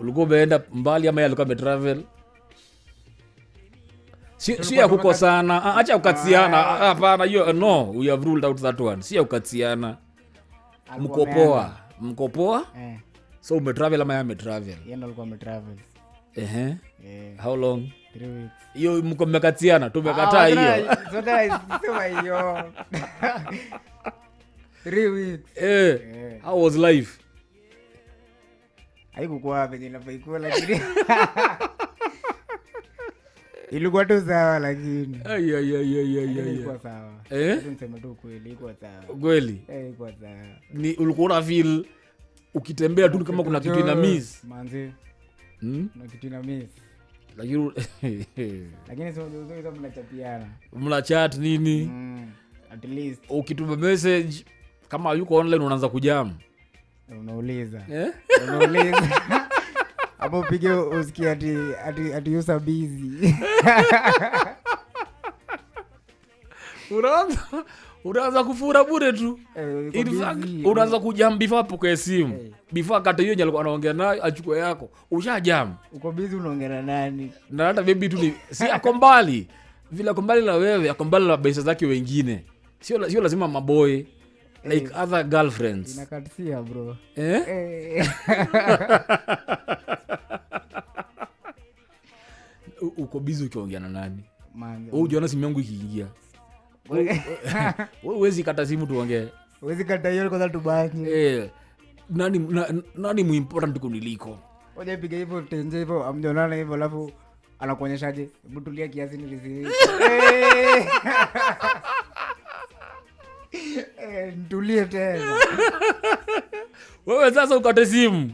ulikuwa umeenda mbali ama alikuwa ametravel? Si, ya kukosana, ah, acha ukatsiana ah. ah, Hapana, hiyo eh, no, we have ruled out that one. Si ya kukatiana, mkopoa mkopoa. Eh. So umetravel ama ametravel? Yeye ndo alikuwa ametravel. Ehe, eh. how long? Hiyo mko mmekatiana, tumekataa hiyo. How was life? haikukuwa venye inavyoikuwa lakini ilikuwa tu sawa, lakini kweli, eh, Ni ukitembea tu kama kuna kitu ina miss kama hmm? nini, hmm, ukituma message kama yuko online unaanza kujamu unauliza eh? unauliza ati usa unaanza unaanza kufura bure tu eh, unaanza kujam before apokee simu bifa eh. before hiyo nyalikuwa anaongea nayo achukue yako ushajam uko busy unaongea na nani na hata bebi tu ni si ako mbali vile ako mbali na wewe ako mbali na baisa zake wengine sio sio lazima maboy like hey. other girlfriends inakatisia bro eh? hey. Eh. uko bizi ukiongea na nani ujiona um, simu yangu ikiingia wezi kata simu tuongee eh, nani, muimportant kuniliko ojapiga hivo tenje hivo amjonana alafu anakuonyeshaje butulia kiasi nilizii eh. nikuchukulie tena wewe sasa ukate simu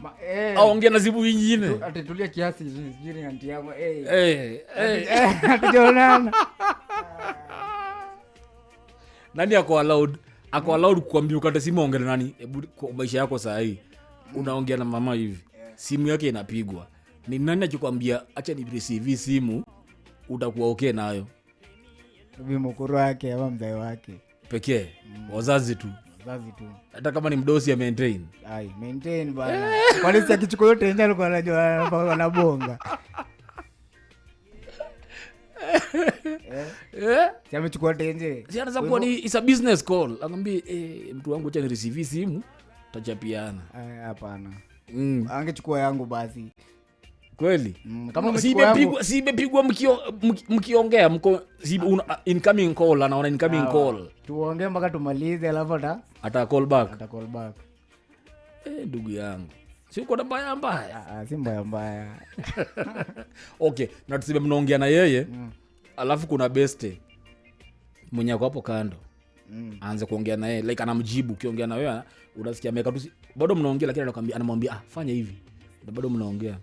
aongea eh. na simu ingine atatulia kiasi sijui anti yako eh eh eh, eh nani ako allowed ako allowed kuambia ukate simu aongea nani? kwa maisha yako saa hii unaongea na mama hivi, simu yake inapigwa, ni nani akikwambia acha ni receive simu utakuwa okay nayo? Ni mkoro wake ama mzee wake pekee, wazazi tu basi tu. Hata kama ni mdosi ya maintain. Ai, maintain bwana. Kwani si akichukua yote nje alikuwa anajua anabonga. Eh? eh? Si amechukua yote nje. Si anaweza kuwa ni is a business call. Anambia eh, mtu wangu cha ni receive simu tutachapiana. Eh, hapana. Mm. Angechukua yangu basi. Kweli mm, si imepigwa mkiongea, mko ah. incoming call, anaona incoming ah, call. Tuongee mpaka tumalize, alafu ata ata call back, ata call back. Eh, ndugu yangu si uko na mbaya mbaya, ah, si mbaya mbaya. Okay, na tuseme mnaongea na yeye mm. Alafu kuna beste mwenye ako hapo kando mm. Aanze kuongea na yeye like anamjibu, ukiongea na wewe unasikia ameka tu, bado mnaongea, lakini anakwambia, anamwambia ah, fanya hivi, bado mnaongea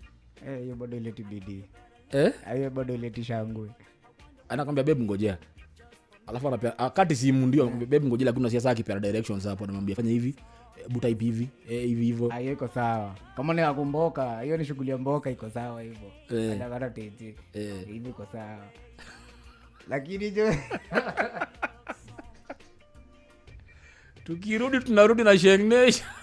Eh, hiyo bado ileti bidii eh? ah, hiyo bado ileti shangwe. Anakwambia bebu ngojea, alafu akati ah, simu ndio eh. bebu ngojea, lakini unasikia saa akipeana directions hapo, anamwambia fanya hivi buta hivi hivi hivi ah, iko sawa, kama ni akumboka, hiyo ni shughuli ya mboka, iko sawa hivyo, atakata tete hivi, iko sawa lakini jo tukirudi tunarudi na shengnesha